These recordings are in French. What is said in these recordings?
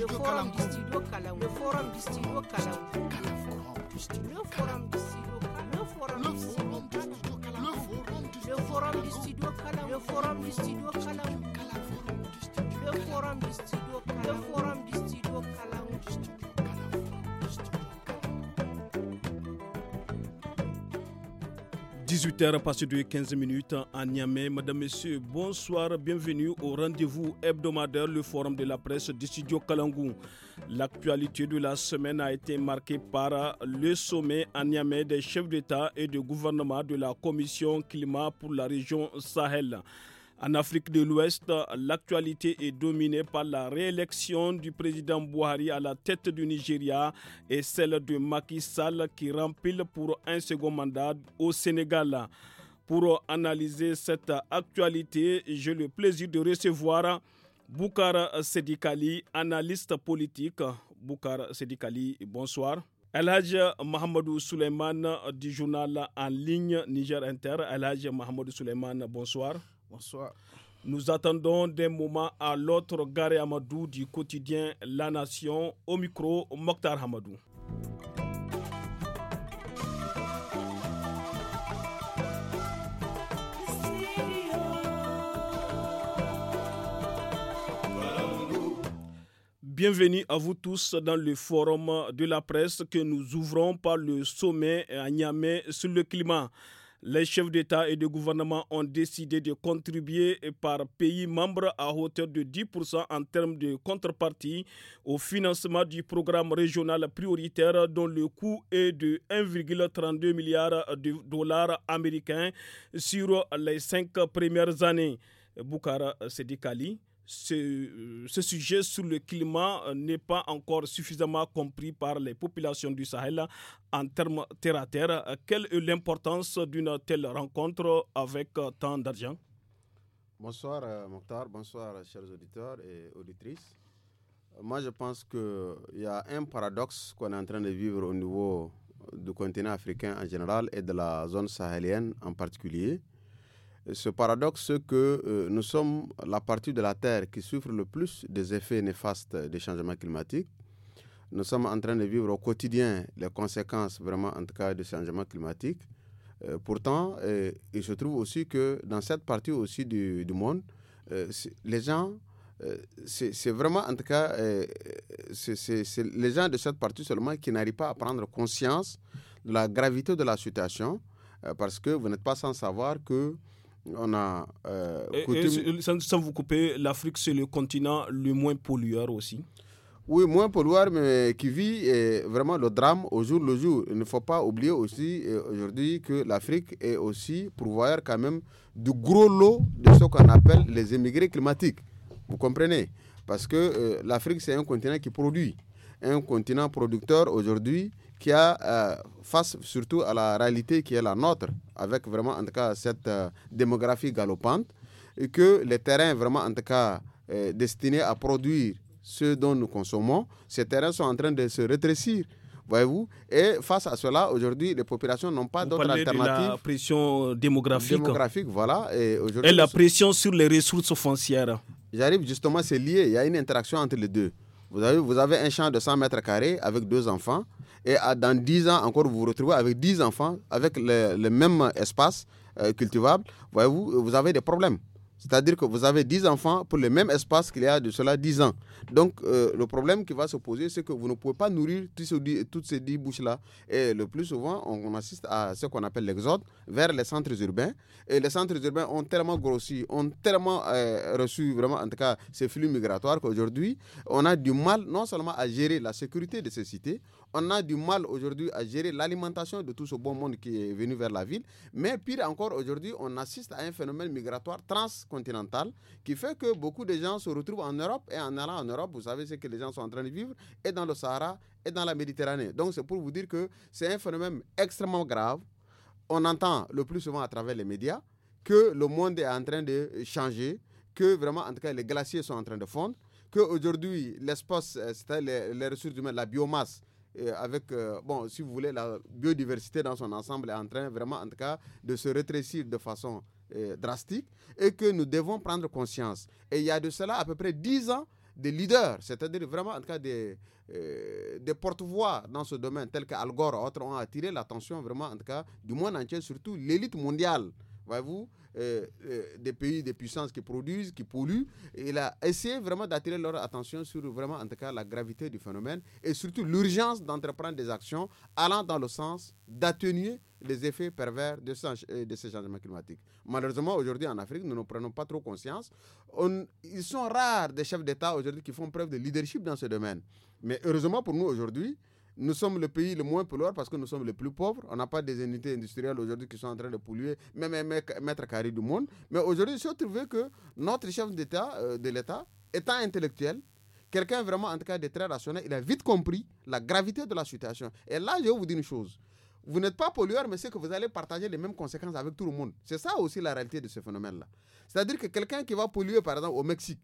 le forum du studio le forum le forum 18h passé de 15 minutes à Niamey. Madame, Messieurs, bonsoir, bienvenue au rendez-vous hebdomadaire, le forum de la presse du studio Kalangou. L'actualité de la semaine a été marquée par le sommet à Niamey des chefs d'État et de gouvernement de la Commission climat pour la région Sahel. En Afrique de l'Ouest, l'actualité est dominée par la réélection du président Buhari à la tête du Nigeria et celle de Macky Sall qui rempile pour un second mandat au Sénégal. Pour analyser cette actualité, j'ai le plaisir de recevoir Boukar Sedikali, analyste politique. Boukar Sedikali, bonsoir. Elhaj Mohamedou Souleyman du journal en ligne Niger Inter. Elhaj Mohamedou Suleiman bonsoir. Bonsoir. Nous attendons d'un moment à l'autre Gare Amadou du quotidien La Nation. Au micro, Mokhtar Hamadou. Bienvenue à vous tous dans le forum de la presse que nous ouvrons par le sommet à Niamey sur le climat. Les chefs d'État et de gouvernement ont décidé de contribuer par pays membre à hauteur de 10% en termes de contrepartie au financement du programme régional prioritaire dont le coût est de 1,32 milliard de dollars américains sur les cinq premières années. Sedikali euh, ce, sujet sur le climat euh, n'est pas encore suffisamment compris par les populations du Sahel en termes terre à terre. Quelle est l'importance d'une telle rencontre avec euh, tant d'argent Bonsoir Mokhtar, bonsoir chers auditeurs et auditrices. Moi je pense qu'il y a un paradoxe qu'on est en train de vivre au niveau du continent africain en général et de la zone sahélienne en particulier ce paradoxe que euh, nous sommes la partie de la Terre qui souffre le plus des effets néfastes des changements climatiques. Nous sommes en train de vivre au quotidien les conséquences vraiment en tout cas des changements climatiques. Euh, pourtant, euh, il se trouve aussi que dans cette partie aussi du, du monde, les gens, c'est vraiment en tout cas, c'est les gens de cette partie seulement qui n'arrivent pas à prendre conscience de la gravité de la situation parce que vous n'êtes pas sans savoir que on a. Euh, sans, vous couper, l'Afrique, c'est le continent le moins pollueur aussi. Oui, moins pollueur, mais qui vit vraiment le drame au jour le jour. Il ne faut pas oublier aussi euh, aujourd'hui que l'Afrique est aussi pourvoyeur quand même du gros lot de ce qu'on appelle les émigrés climatiques. Vous comprenez Parce que euh, l'Afrique, c'est un continent qui produit. Un continent producteur aujourd'hui qui a euh, face surtout à la réalité qui est la nôtre, avec vraiment en tout cas cette euh, démographie galopante, et que les terrains vraiment en tout cas euh, destinés à produire ce dont nous consommons, ces terrains sont en train de se rétrécir. Voyez-vous Et face à cela, aujourd'hui, les populations n'ont pas d'autres alternatives. la pression démographique. Démographique, voilà. Et, la pression sur les ressources foncières. J'arrive justement, c'est lié. Il y a une interaction entre les deux. Vous avez, vous avez un champ de 100 mètres carrés avec deux enfants et dans 10 ans encore, vous vous retrouvez avec 10 enfants, avec le, même espace euh, cultivable. Voyez-vous, vous avez des problèmes. C'est-à-dire que vous avez 10 enfants pour le même espace qu'il y a de cela 10 ans. Donc, euh, le problème qui va se poser, c'est que vous ne pouvez pas nourrir toutes ces 10 bouches-là. Et le plus souvent, on, assiste à ce qu'on appelle l'exode vers les centres urbains. Et les centres urbains ont tellement grossi, ont tellement euh, reçu vraiment, en tout cas, ces flux migratoires qu'aujourd'hui, on a du mal non seulement à gérer la sécurité de ces cités, on a du mal aujourd'hui à gérer l'alimentation de tout ce bon monde qui est venu vers la ville. Mais pire encore, aujourd'hui, on assiste à un phénomène migratoire transcontinental qui fait que beaucoup de gens se retrouvent en Europe et en allant en Europe, vous savez ce que les gens sont en train de vivre, et dans le Sahara et dans la Méditerranée. Donc c'est pour vous dire que c'est un phénomène extrêmement grave. On entend le plus souvent à travers les médias que le monde est en train de changer, que vraiment, en tout cas, les glaciers sont en train de fondre qu'aujourd'hui, l'espace, euh, c'est-à-dire les, les, ressources humaines, la biomasse avec, euh, bon, si vous voulez, la biodiversité dans son ensemble est en train vraiment, en tout cas, de se rétrécir de façon euh, drastique et que nous devons prendre conscience. Et il y a de cela à peu près 10 ans, des leaders, c'est-à-dire vraiment, en tout cas, des, euh, des porte-voix dans ce domaine, tels que Al Gore, autres, ont attiré l'attention vraiment, en tout cas, du monde entier, surtout l'élite mondiale voyez-vous, euh, euh, des pays, des puissances qui produisent, qui polluent. il a essayé vraiment d'attirer leur attention sur vraiment, en tout cas, la gravité du phénomène et surtout l'urgence d'entreprendre des actions allant dans le sens d'atténuer les effets pervers de, euh, de ces changements climatiques. Malheureusement, aujourd'hui en Afrique, nous ne prenons pas trop conscience. ils sont rares des chefs d'État aujourd'hui qui font preuve de leadership dans ce domaine. Mais heureusement pour nous aujourd'hui, nous sommes le pays le moins pollueur parce que nous sommes les plus pauvres. On n'a pas des unités industrielles aujourd'hui qui sont en train de polluer, même un mètre carré du monde. Mais aujourd'hui, il se trouvé que notre chef d'État, euh, de l'État, étant intellectuel, quelqu'un vraiment en tout cas de très rationnel, il a vite compris la gravité de la situation. Et là, je vais vous dire une chose. Vous n'êtes pas pollueur, mais c'est que vous allez partager les mêmes conséquences avec tout le monde. C'est ça aussi la réalité de ce phénomène-là. C'est-à-dire que quelqu'un qui va polluer, par exemple, au Mexique,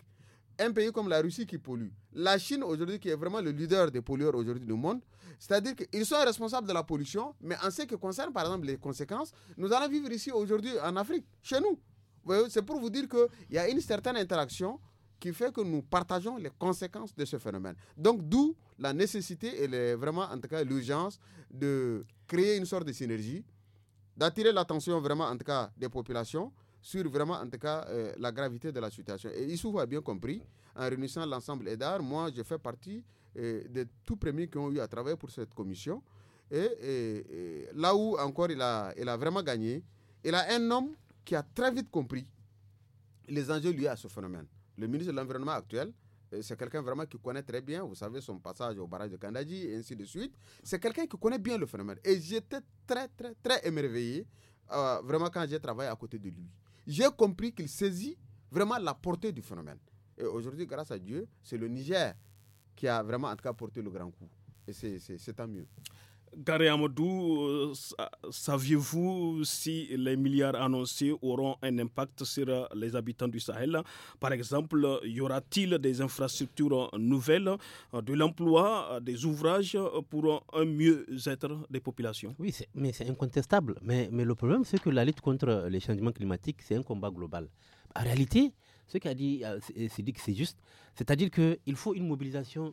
un pays comme la Russie qui pollue, la Chine aujourd'hui qui est vraiment le leader des pollueurs aujourd'hui du monde, c'est-à-dire qu'ils sont responsables de la pollution, mais en ce qui concerne par exemple les conséquences, nous allons vivre ici aujourd'hui en Afrique, chez nous. C'est pour vous dire qu'il y a une certaine interaction qui fait que nous partageons les conséquences de ce phénomène. Donc d'où la nécessité et les, vraiment en tout cas l'urgence de créer une sorte de synergie, d'attirer l'attention vraiment en tout cas des populations, sur vraiment, en tout cas, euh, la gravité de la situation. Et Issou a bien compris, en réunissant l'ensemble EDAR, moi, je fais partie de euh, des tout premiers qui ont eu à travailler pour cette commission. Et, là où encore il a, il a vraiment gagné, il a un homme qui a très vite compris les enjeux liés à ce phénomène. Le ministre de l'Environnement actuel, euh, c'est quelqu'un vraiment qui connaît très bien, vous savez, son passage au barrage de Kandaji et ainsi de suite. C'est quelqu'un qui connaît bien le phénomène. Et j'étais très, très, très émerveillé, vraiment, quand j'ai travaillé à côté de lui j'ai compris qu'il saisit vraiment la portée du phénomène. Et aujourd'hui, grâce à Dieu, c'est le Niger qui a vraiment, en tout cas, porté le grand coup. Et c'est tant mieux. Gary Amadou, euh, saviez-vous si les milliards annoncés auront un impact sur euh, les habitants du Sahel Par exemple, y aura-t-il des infrastructures nouvelles, de l'emploi, des ouvrages pour un mieux-être des populations Oui, mais c'est incontestable. mais le problème, c'est que la lutte contre les changements climatiques, c'est un combat global. En réalité, ce qu'a dit euh, Sidiq, c'est juste. C'est-à-dire qu'il faut une mobilisation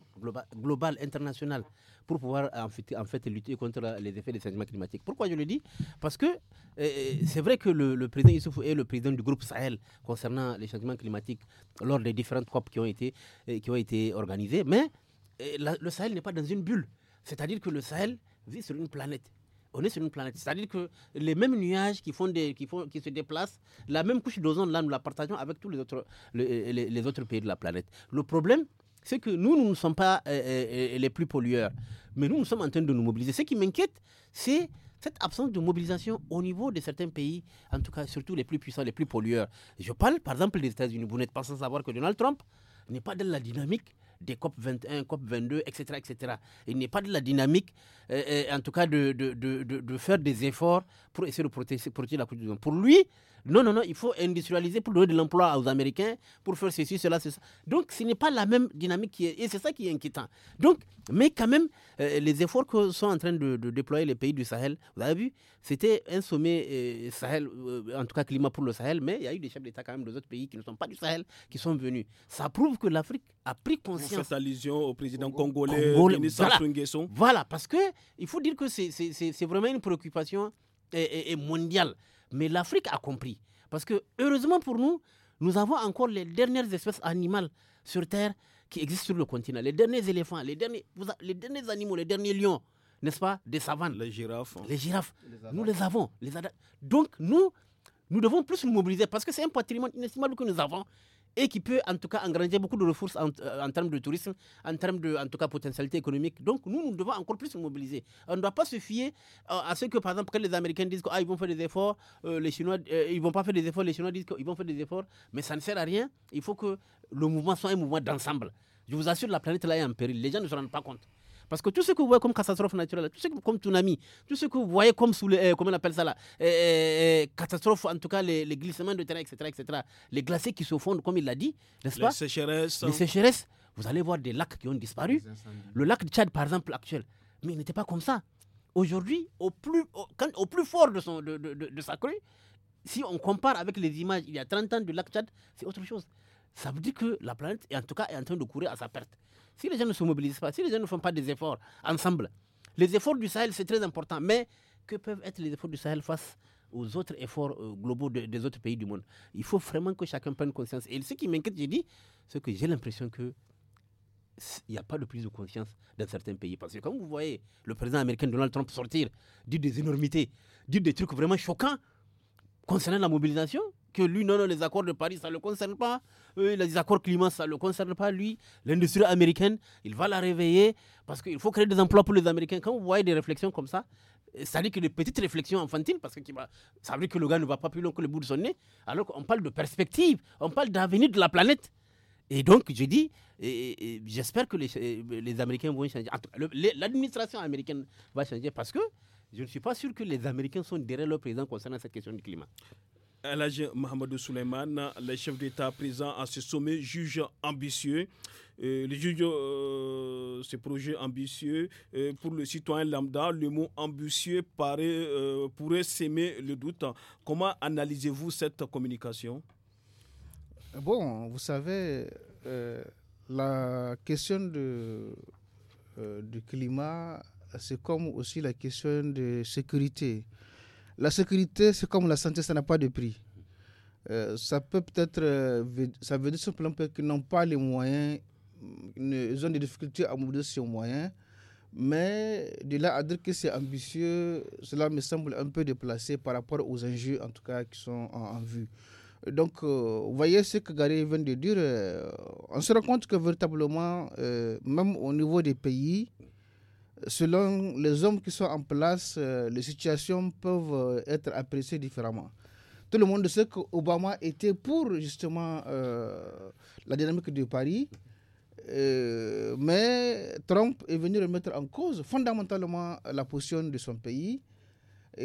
globale, internationale, pour pouvoir en fait, lutter contre les effets des changements climatiques. Pourquoi je le dis Parce que euh, c'est vrai que le, président Issoufou est le président du groupe Sahel concernant les changements climatiques lors des différentes COP qui ont été, euh, qui ont été organisées, mais le Sahel n'est pas dans une bulle. C'est-à-dire que le Sahel vit sur une planète on est sur une planète. C'est-à-dire que les mêmes nuages qui, font des, qui se déplacent, la même couche d'ozone, là, nous la partageons avec tous les autres, les, autres pays de la planète. Le problème, c'est que nous, nous ne sommes pas euh, euh, les plus pollueurs, mais nous, nous sommes en train de nous mobiliser. Ce qui m'inquiète, c'est cette absence de mobilisation au niveau de certains pays, en tout cas, surtout les plus puissants, les plus pollueurs. Je parle, par exemple, des États-Unis. Vous n'êtes pas sans savoir que Donald Trump n'est pas dans la dynamique des COP 21, COP 22, etc. etc. Il n'y a pas de la dynamique, euh, euh, en tout cas, de, de, de, faire des efforts pour essayer de protéger, la production. Pour lui, non, non, non, il faut industrialiser pour donner de l'emploi aux Américains, pour faire ceci, cela, ça. Donc, ce n'est pas la même dynamique qui est, et c'est ça qui est inquiétant. Donc, mais quand même, euh, les efforts que sont en train de, déployer les pays du Sahel, vous avez vu, c'était un sommet euh, Sahel, euh, en tout cas climat pour le Sahel, mais il y a eu des chefs d'État quand même des autres pays qui ne sont pas du Sahel qui sont venus. Ça prouve que l'Afrique a pris conscience. Vous allusion au président congolais, ministre voilà, voilà, parce que il faut dire que c'est vraiment une préoccupation et mondiale. Mais l'Afrique a compris. Parce que, heureusement pour nous, nous avons encore les dernières espèces animales sur Terre qui existent sur le continent. Les derniers éléphants, les derniers, les derniers animaux, les derniers lions, n'est-ce pas, des savanes. Les girafes. Hein. Les girafes. nous les avons. Donc, nous, nous devons plus nous mobiliser parce que c'est un patrimoine inestimable que nous avons et qui peut en tout cas engranger beaucoup de ressources euh, en, termes de tourisme, en termes de en tout cas potentialité économique. Donc nous, nous devons encore plus nous mobiliser. On ne doit pas se fier euh, à ce que par exemple quand les Américains disent qu'ils ah, vont faire des efforts, euh, les Chinois ils vont pas faire des efforts, les Chinois disent qu'ils vont faire des efforts, mais ça ne sert à rien. Il faut que le mouvement soit un mouvement d'ensemble. Je vous assure, la planète là est en péril. Les gens ne se rendent pas compte. Parce que tout ce que vous voyez comme catastrophe naturelle, tout ce que, comme tsunami, tout ce que vous voyez comme sous le, euh, comment on appelle ça là, euh, euh, catastrophe, en tout cas les, glissements de terrain, etc., etc., les glaciers qui se fondent, comme il l'a dit, n'est-ce pas Les sécheresses. Les sécheresses. Vous allez voir des lacs qui ont disparu. Le lac de Tchad, par exemple, actuel. Mais il n'était pas comme ça. Aujourd'hui, au plus, plus fort de, son, de, sa crue, si on compare avec les images il y a 30 ans du lac Tchad, c'est autre chose. Ça veut dire que la planète, en tout cas, est en train de courir à sa perte. Si les gens ne se mobilisent pas, si les gens ne font pas des efforts ensemble, les efforts du Sahel, c'est très important, mais que peuvent être les efforts du Sahel face aux autres efforts euh, globaux des autres pays du monde Il faut vraiment que chacun prenne conscience. Et ce qui m'inquiète, j'ai dit, c'est que j'ai l'impression que il n'y a pas de prise de conscience dans certains pays. Parce que quand vous voyez le président américain Donald Trump sortir, dire des énormités, dire des trucs vraiment choquants concernant la mobilisation, que lui, non, non, les accords de Paris, ça ne le concerne pas. Euh, les accords climat, ça ne le concerne pas, lui. L'industrie américaine, il va la réveiller parce qu'il faut créer des emplois pour les Américains. Quand vous voyez des réflexions comme ça, euh, ça dit que des petites réflexions enfantines, parce que ça veut dire que le gars ne va pas plus loin que le bout de son nez, alors qu'on parle de perspective, on parle d'avenir de la planète. Et donc, je dis, j'espère que les, euh, les, Américains vont changer. L'administration américaine va changer parce que je ne suis pas sûr que les Américains sont derrière le président concernant cette question du climat. Alage Mohamedou Souleyman, le chef d'État présent à ce sommet juge ambitieux. Euh, le juge euh, ce projet ambitieux euh, pour le citoyen lambda, le mot ambitieux paraît, pourrait s'aimer le doute. Comment analysez-vous cette communication Bon, vous savez, la question de, du climat, c'est comme aussi la question de sécurité. La sécurité, c'est comme la santé, ça n'a pas de prix. Euh, ça peut peut-être, euh, ça veut dire simplement qu'ils n'ont pas les moyens, mm, ils ont des difficultés à mobiliser les moyens. Mais de là à dire que c'est ambitieux, cela me semble un peu déplacé par rapport aux enjeux, en tout cas, qui sont en, vue. Donc, euh, vous voyez ce que Gary vient de dire. on se rend compte que véritablement, même au niveau des pays, selon les hommes qui sont en place, euh, les situations peuvent euh, être appréciées différemment. Tout le monde sait qu'Obama était pour justement euh, la dynamique de Paris, mais Trump est venu remettre en cause fondamentalement la position de son pays,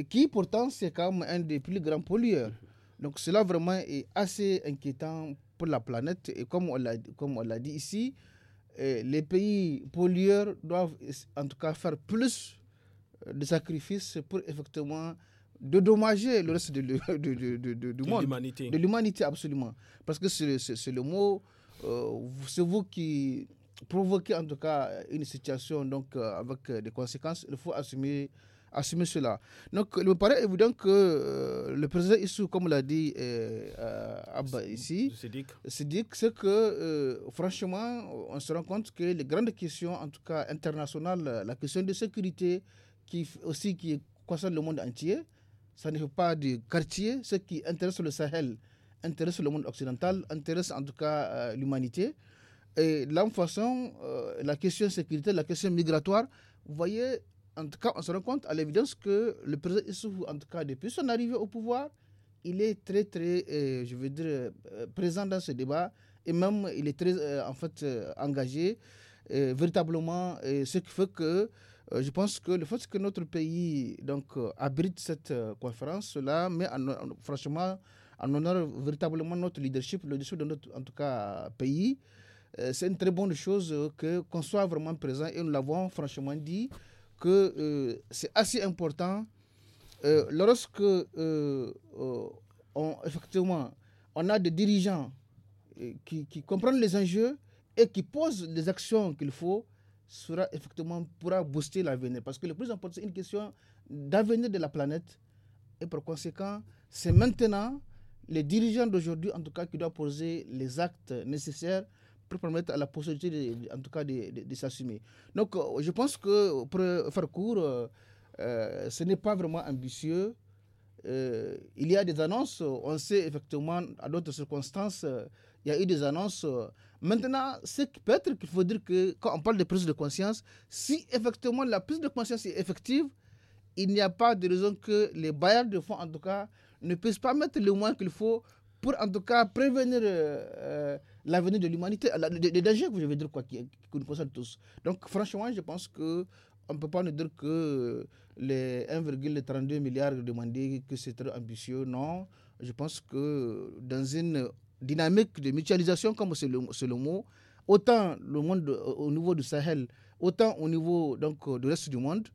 qui pourtant c'est quand même un des plus grands pollueurs. Donc cela vraiment est assez inquiétant pour la planète et comme on l'a dit ici, les pays pollueurs doivent en tout cas faire plus euh, de sacrifices pour effectivement dédommager le reste de, de, de, de monde. De l'humanité, absolument. Parce que c'est le mot, euh, c'est vous qui provoquez en tout cas une situation donc, euh, avec des conséquences. Il faut assumer assumer cela. Donc, il me paraît évident que euh, le président Issou, comme l'a dit euh, euh, Abba ici, c'est c'est que, franchement, on se rend compte que les grandes questions, en tout cas internationales, la question de sécurité, qui aussi qui concerne le monde entier, ça n'est pas du quartier, ce qui intéresse le Sahel, intéresse le monde occidental, intéresse en tout cas l'humanité. Et de la même façon, la question sécurité, la question migratoire, vous voyez, en tout cas, on se rend compte à l'évidence que le président Issoufou, en tout cas, depuis son arrivée au pouvoir, il est très, très, euh, je veux dire, euh, présent dans ce débat et même il est très, euh, en fait, engagé véritablement. ce qui fait que je pense que le fait que notre pays donc, abrite cette conférence, cela met en, franchement en honneur véritablement notre leadership, le dessus de notre, en tout cas, pays. C'est une très bonne chose que qu'on soit vraiment présent et nous l'avons franchement dit que euh, c'est assez important euh, lorsque euh, on, effectivement on a des dirigeants qui, qui, comprennent les enjeux et qui posent les actions qu'il faut sera effectivement pourra booster l'avenir parce que le plus important c'est une question d'avenir de la planète et par conséquent c'est maintenant les dirigeants d'aujourd'hui en tout cas qui doivent poser les actes nécessaires pour permettre à la possibilité, en tout cas, de, s'assumer. Donc, euh, je pense que pour euh, faire court, euh, ce n'est pas vraiment ambitieux. il y a des annonces, on sait effectivement, à d'autres circonstances, il y a eu des annonces. Maintenant, c'est peut-être qu'il faut dire que quand on parle de prise de conscience, si effectivement la prise de conscience est effective, il n'y a pas de raison que les bailleurs de fonds, en tout cas, ne puissent pas mettre le moins qu'il faut pour, en tout cas, prévenir l'avenir de l'humanité, des dangers que je vais dire, quoi, qui, nous concernent tous. Donc, franchement, je pense que on ne peut pas nous dire que les 1,32 milliards demandés, que c'est très ambitieux. Non, je pense que dans une dynamique de mutualisation, comme c'est le, mot, autant le monde euh, au niveau du Sahel, autant au niveau donc, euh, du reste du monde,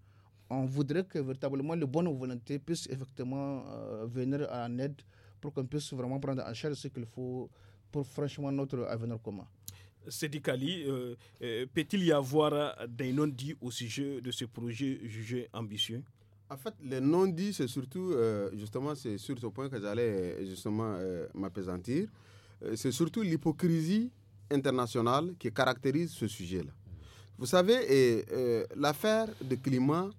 on voudrait que véritablement les bonnes volontés puissent effectivement euh, venir en aide pour qu'on puisse vraiment prendre en charge ce qu'il faut pour franchement notre avenir commun. Sédicali, euh, euh, peut-il y avoir des non-dits au sujet de ce projet jugé ambitieux En fait, les non-dits, c'est surtout, euh, justement, c'est sur ce point que j'allais justement m'apesantir, c'est surtout l'hypocrisie internationale qui caractérise ce sujet-là. Vous savez, l'affaire de climat,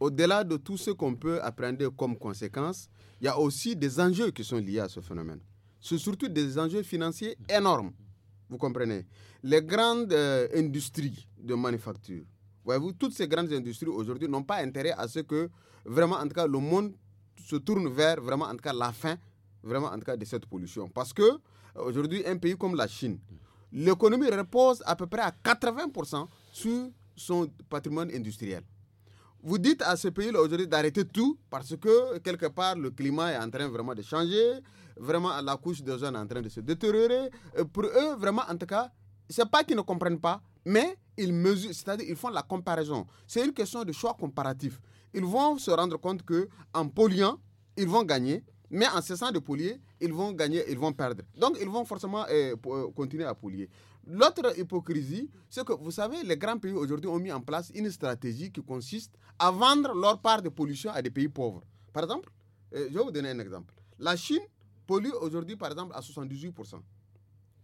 au-delà de tout ce qu'on peut apprendre comme conséquence, il y a aussi des enjeux qui sont liés à ce phénomène sont surtout des enjeux financiers énormes. Vous comprenez Les grandes euh, industries de manufacture, voyez-vous, toutes ces grandes industries aujourd'hui n'ont pas intérêt à ce que vraiment, en tout cas, le monde se tourne vers vraiment, en tout cas, la fin, vraiment, en tout cas, de cette pollution. Parce que euh, aujourd'hui, un pays comme la Chine, l'économie repose à peu près à 80% sur son patrimoine industriel. Vous dites à ce pays-là aujourd'hui d'arrêter tout parce que quelque part le climat est en train vraiment de changer, vraiment la couche d'ozone est en train de se détériorer. Euh, pour eux, vraiment, en tout cas, c'est pas qu'ils ne comprennent pas, mais ils mesurent, c'est-à-dire ils font la comparaison. C'est une question de choix comparatif. Ils vont se rendre compte que en polluant, ils vont gagner, mais en cessant de polluer, ils vont gagner, ils vont perdre. Donc ils vont forcément euh, euh, continuer à polluer. L'autre hypocrisie, c'est que vous savez, les grands pays aujourd'hui ont mis en place une stratégie qui consiste à vendre leur part de pollution à des pays pauvres. Par exemple, euh, je vais vous donner un exemple. La Chine pollue aujourd'hui, par exemple, à 78%.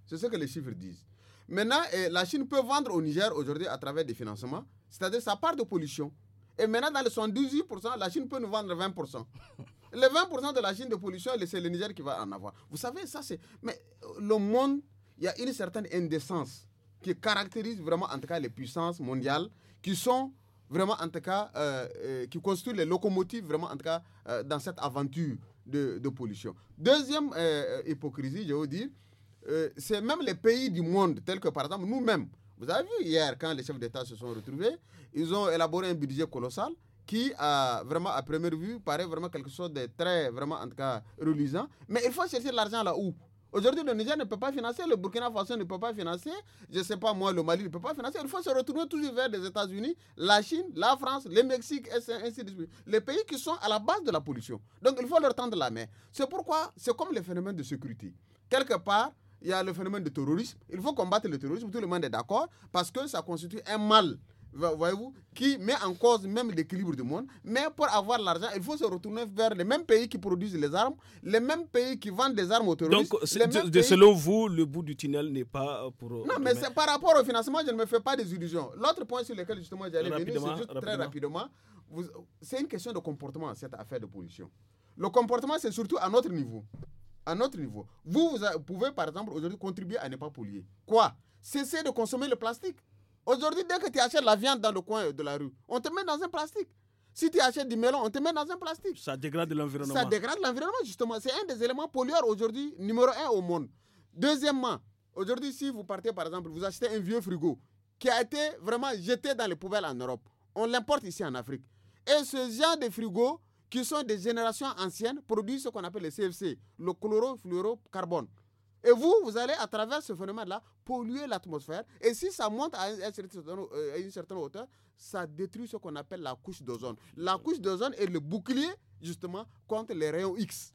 C'est ce que les chiffres disent. Maintenant, euh, la Chine peut vendre au Niger aujourd'hui à travers des financements, c'est-à-dire sa part de pollution. Et maintenant, dans les 78%, la Chine peut nous vendre 20%. Les 20% de la Chine de pollution, c'est le Niger qui va en avoir. Vous savez, ça c'est... Mais euh, le monde il y a une certaine indécence qui caractérise vraiment en tout cas les puissances mondiales qui sont vraiment en tout cas euh, euh, qui construisent les locomotives vraiment en tout cas euh, dans cette aventure de, pollution. Deuxième hypocrisie, je veux dire, c'est même les pays du monde tels que par exemple nous-mêmes. Vous avez vu hier quand les chefs d'État se sont retrouvés, ils ont élaboré un budget colossal qui a vraiment à première vue paraît vraiment quelque chose de très vraiment en tout cas reluisant, mais il faut chercher l'argent là où Aujourd'hui, le Niger ne peut pas financer, le Burkina Faso ne peut pas financer, je ne sais pas moi, le Mali ne peut pas financer. Il faut se retourner toujours vers les États-Unis, la Chine, la France, le Mexique, et ainsi de suite. Les pays qui sont à la base de la pollution. Donc il faut leur tendre la main. C'est pourquoi c'est comme le phénomène de sécurité. Quelque part, il y a le phénomène de terrorisme. Il faut combattre le terrorisme, tout le monde est d'accord, parce que ça constitue un mal vous qui met en cause même l'équilibre du monde. Mais pour avoir l'argent, il faut se retourner vers les mêmes pays qui produisent les armes, les mêmes pays qui vendent des armes aux terroristes. Donc, selon vous, le bout du tunnel n'est pas euh, pour. Euh, non, mais par rapport au financement, je ne me fais pas des illusions. L'autre point sur lequel justement j'allais venir, c'est juste très rapidement. C'est une question de comportement, cette affaire de pollution. Le comportement, c'est surtout à notre niveau. À notre niveau. Vous, vous pouvez, par exemple, aujourd'hui contribuer à ne pas polluer. Quoi Cesser de consommer le plastique. Aujourd'hui, dès que tu achètes la viande dans le coin de la rue, on te met dans un plastique. Si tu achètes du melon, on te met dans un plastique. Ça dégrade l'environnement. Ça dégrade l'environnement, justement. C'est un des éléments pollueurs aujourd'hui, numéro un au monde. Deuxièmement, aujourd'hui, si vous partez, par exemple, vous achetez un vieux frigo qui a été vraiment jeté dans les poubelles en Europe, on l'importe ici en Afrique. Et ce genre de frigo, qui sont des générations anciennes produit ce qu'on appelle le CFC, le chlorofluorocarbone. Et vous, vous allez, à travers ce phénomène-là, polluer l'atmosphère. Et si ça monte euh, à, une certaine hauteur, ça détruit ce qu'on appelle la couche d'ozone. La couche d'ozone est le bouclier, justement, contre les rayons X.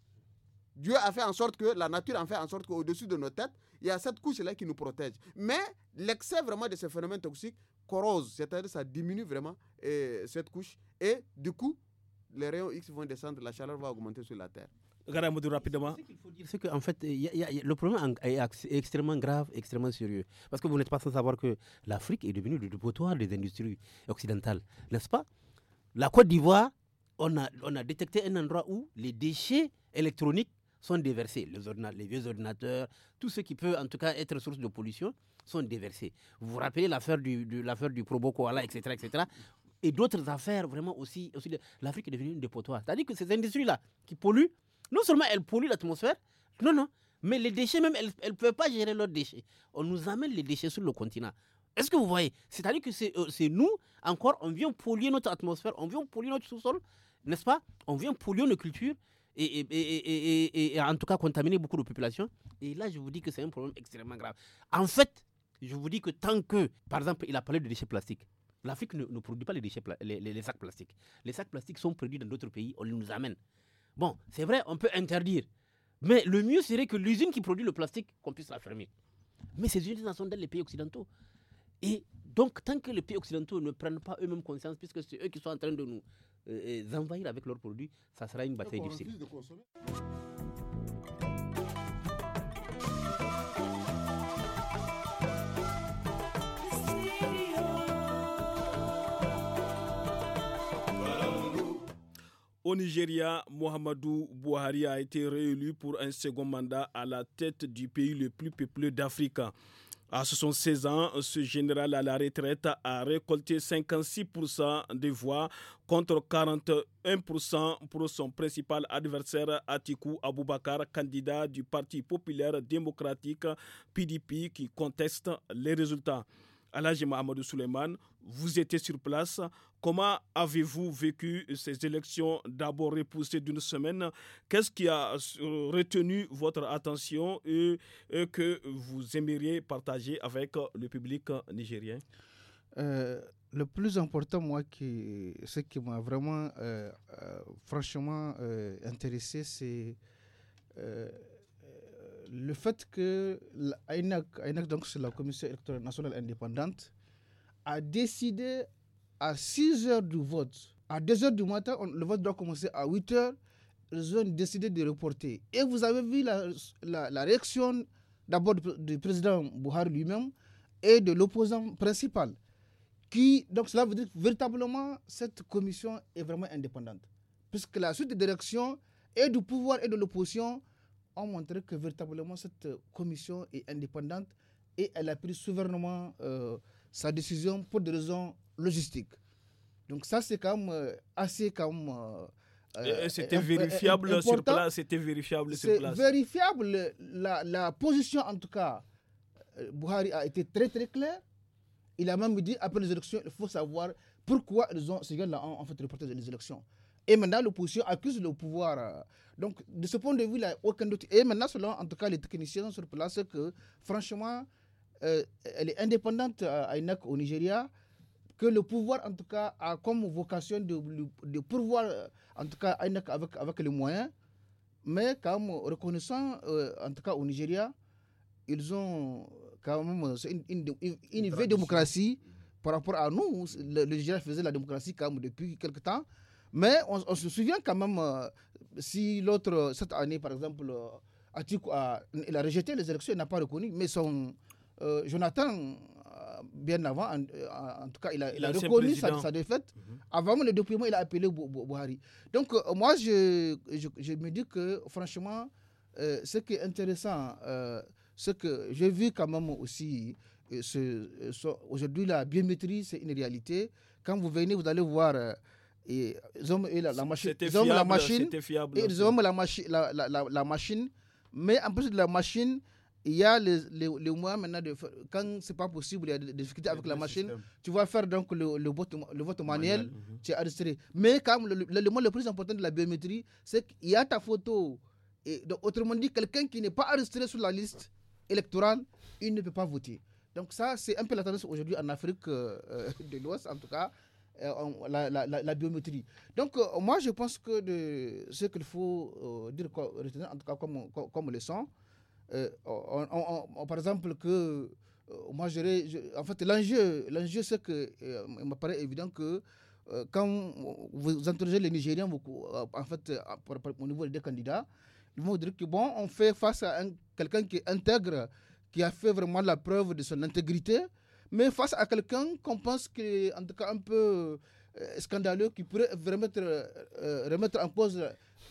Dieu a fait en sorte que, la nature a fait en sorte qu'au-dessus de nos têtes, il y a cette couche-là qui nous protège. Mais l'excès vraiment de ce phénomène toxique corrose, c'est-à-dire ça diminue vraiment euh, cette couche. Et du coup, les rayons X vont descendre, la chaleur va augmenter sur la Terre rapidement. Ce qu'il faut dire, c'est qu'en fait, le problème est extrêmement grave, extrêmement sérieux. Parce que vous n'êtes pas sans savoir que l'Afrique est devenue le dépotoir des industries occidentales, n'est-ce pas La Côte d'Ivoire, on a, on a détecté un endroit où les déchets électroniques sont déversés. Les, les, vieux ordinateurs, tout ce qui peut en tout cas être source de pollution, sont déversés. Vous vous rappelez l'affaire du, l'affaire du Probo Koala, etc., etc. Et d'autres affaires vraiment aussi. aussi L'Afrique est devenue une dépotoir. C'est-à-dire que ces industries-là qui polluent non seulement elles polluent l'atmosphère, non, non, mais les déchets même, elles ne peuvent pas gérer leurs déchets. On nous amène les déchets sur le continent. Est-ce que vous voyez C'est-à-dire que euh, c'est nous, encore, on vient polluer notre atmosphère, on vient polluer notre sous-sol, n'est-ce pas On vient polluer nos cultures et, et, et, et, en tout cas contaminer beaucoup de populations. Et là, je vous dis que c'est un problème extrêmement grave. En fait, je vous dis que tant que, par exemple, il a parlé de déchets plastiques, l'Afrique ne, produit pas les, déchets, les, sacs plastiques. Les sacs plastiques sont produits dans d'autres pays, on nous amène. Bon, c'est vrai, on peut interdire. Mais le mieux serait que l'usine qui produit le plastique, qu'on puisse la fermer. Mais ces usines sont dans les pays occidentaux. Et donc, tant que les pays occidentaux ne prennent pas eux-mêmes conscience, puisque c'est eux qui sont en train de nous euh, euh, envahir avec leurs produits, ça sera une bataille difficile. Au Nigeria, Mohamedou Buhari a été réélu pour un second mandat à la tête du pays le plus peuplé d'Afrique. À 66 ans, ce général à la retraite a récolté 56% des voix contre 41% pour son principal adversaire Atiku Abubakar, candidat du Parti populaire démocratique PDP qui conteste les résultats. Vous étiez sur place. Comment avez-vous vécu ces élections d'abord repoussées d'une semaine Qu'est-ce qui a euh, retenu votre attention et, que vous aimeriez partager avec euh, le public euh, nigérien Le plus important, moi, ce qui m'a vraiment, franchement, intéressé, c'est le fait que l'AINAC, donc c'est la Commission électorale nationale indépendante, a décidé à 6 heures du vote. À 2 heures du matin, le vote doit commencer à 8 heures. Ils ont décidé de reporter. Et vous avez vu la, la, réaction d'abord du président Buhari lui-même et de l'opposant principal. Qui, donc cela veut dire que véritablement cette commission est vraiment indépendante. Puisque la suite des réactions et du pouvoir et de l'opposition ont montré que véritablement cette commission est indépendante et elle a pris souverainement euh, sa décision pour des raisons logistiques. Donc ça, c'est quand même euh, assez quand euh, euh, c'était vérifiable sur place. C'était vérifiable sur place. C'est Vérifiable. La, la, position, en tout cas, Buhari a été très très clair. Il a même dit après les élections, il faut savoir pourquoi ils ont, ces gens-là ont en fait reporté les élections. Et maintenant, l'opposition accuse le pouvoir. Donc, de ce point de vue-là, aucun doute. Et maintenant, selon en tout cas les techniciens sur place, que franchement, euh, elle est indépendante à INAC au Nigeria, que le pouvoir, en tout cas, a comme vocation de, de pourvoir, euh, en tout cas, INAC avec, avec les moyens, mais comme reconnaissant, euh, en tout cas au Nigeria, ils ont quand même une, une, démocratie par rapport à nous. Le, Nigeria faisait la démocratie quand même depuis quelque temps. Mais on, se souvient quand même, si l'autre, cette année par exemple, a, il a rejeté les élections, il n'a pas reconnu, mais son, euh, Jonathan, euh, bien avant, euh, en, tout cas, il a, reconnu sa, défaite. Mhm. Avant le document, il a appelé Buhari. Donc, moi, je, je, me dis que, franchement, ce qui est intéressant, ce que j'ai vu quand même aussi, aujourd'hui, la biométrie, c'est une réalité. Quand vous venez, vous allez voir. et ils ont la, machine, ils ont la machine, ils ont la, la, la, la machine, mais en plus de la machine, il y a les, les, maintenant de quand c'est pas possible, il y a des difficultés avec la machine, tu vas faire donc le, le vote, le vote manuel, mhm. tu es enregistré. Mais comme le le, le, plus important de la biométrie, c'est qu'il y a ta photo. Et autrement dit, quelqu'un qui n'est pas enregistré sur la liste électorale, il ne peut pas voter. Donc ça, c'est un peu la tendance aujourd'hui en Afrique euh, euh, de l'Ouest, en tout cas, euh, la, la, la, biométrie. Donc moi, je pense que de, ce qu'il faut dire, retenir en tout cas comme, comme, comme leçon, euh, par exemple, que euh, moi, en fait, l'enjeu, c'est que, euh, il me paraît évident que quand vous interrogez les Nigériens, vous, en fait, au niveau des candidats, ils vont dire que bon, on fait face à quelqu'un qui est intègre, qui a fait vraiment la preuve de son intégrité, mais face à quelqu'un qu'on pense que, en tout cas, un peu scandaleux, qui pourrait remettre, remettre en cause